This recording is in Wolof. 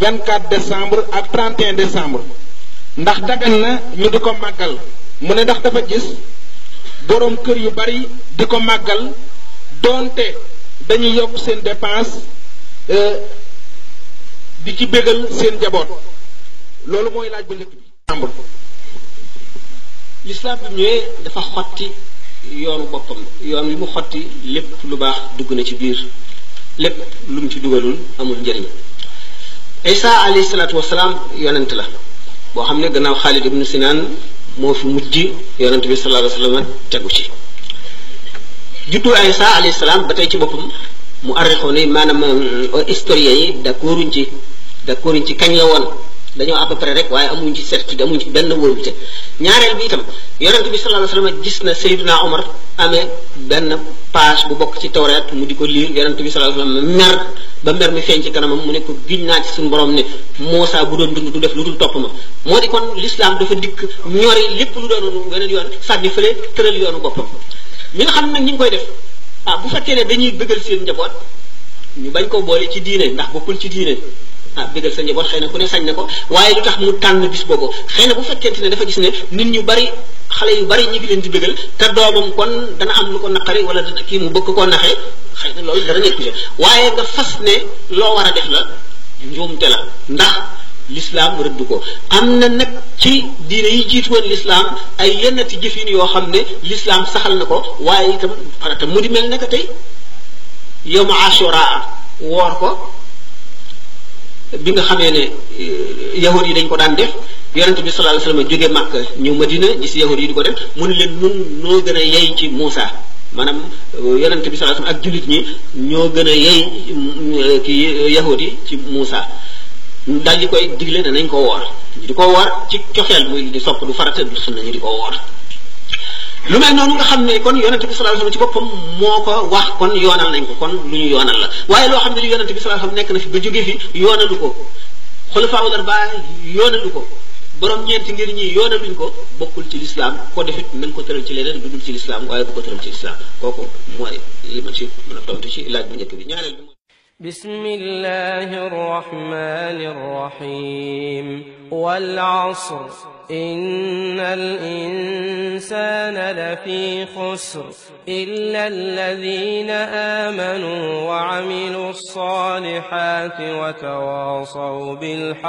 24 décembre ak 31 décembre ndax dagan na ñu di ko màggal mu ne ndax dafa gis boroom kër yu bari di ko màggal doonte dañuy yokk seen dépense bi euh, ci bégal seen jaboot loolu mooy laaj bu njëkk bi décembre lislaam bi ñëwee dafa xotti yoonu boppam yoon wi mu xotti lépp lu baax dugg na ci biir lépp lu mu ci dugalul amul njëriñ isa alayhi salaatu wasalaam yonent la boo xam ne gannaaw xaalid ibnu sinaan moo fi mujj yonent bi sallallahu alayhi wasallam tegu ci juddu isa alayhi salaam ba tey ci boppam mu arrixoon yi maanaam euh, historien yi d'accorduñ ci d'accorduñ ci kañ la woon dañoo à peu près rek waaye amuñ ci certitude amuñ ci benn wóorute ñaareel bi itam yonent bi sallallahu alayhi wasallam gis na Seydina Omar amee benn page bu bokk ci tawreet mu di ko liir yonent bi sallallahu alayhi wasallam mer ba mer mi feeñ ci mu ne ko giñ naa ci suñu borom ne Muusa bu doon dund du def lu dul topp ma moo di kon l'islam dafa dikk ñori lépp lu doon weneen yoon sànni fële tëral yoonu boppam ñi nga xam nag ñi ngi koy def ah bu fekkee ne dañuy bëggal seen njaboot ñu bañ ko boole ci diine ndax bokkul ci diine ah bégal sa njaboot na ku ne sañ na ko waaye lu tax mu tàng bis boobu xëy na bu fekkente ne dafa gis ne nit ñu bari xale yu bari ñu ngi leen di bégal te doomam kon dana am lu ko naqari wala dana kii mu bëgg koo naxee xëy na loolu dara nekku ci waaye nga fas ne loo war a def la njuumte la ndax lislaam rëdd ko am na nag ci diine yi jiitu woon lislaam ay yennati jëfin yoo xam ne lislaam saxal na ko waaye itam farata mu di mel naka tey yowma ashura woor ko bi nga xamee ne euh, yahud yi dañ ko daan def yonent bi sallallahu alayhi wasallam jóge Màkka ñëw Madina gis yahud yi di ko def mu ne leen mun noo gën a yey ci Muusa maanaam euh, yonent bi sallallahu alayhi ak jullit ñi ñoo gën a yey euh, ki yahud yi ci Muusa daal di koy digle danañ ko woor di ko woor ci coxeel muy di sopp du farata du sunna ñu di ko woor lu mel noonu nga xam ne kon yonente bi sallallahu alayhi wasallam ci boppam moo ko wax kon yoonal nañ ko kon lu ñu yoonal la waaye loo xam ne li yonente bi sallallahu alayhi wasallam nekk na fi ba jóge fi yoonalu ko xulafaawul arbaa yoonalu ko borom ñeenti ngir ñi yoonaluñ ko bokkul ci lislaam ko defit nañ ko tëral ci leneen du dul ci lislaam waaye bu ko tëral ci lislaam kooku mooy li ma ci mën a tontu ci laaj bu njëkk bi ñaareel bi bismillahi rahmani rahim wal asr innal الإنسان لفي خسر إلا الذين آمنوا وعملوا الصالحات وتواصوا بالحق